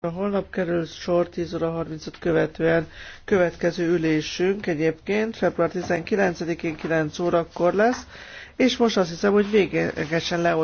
A holnap kerül sor 10 óra 35 követően következő ülésünk egyébként február 19-én 9 órakor lesz, és most azt hiszem, hogy végegesen leolvasjuk.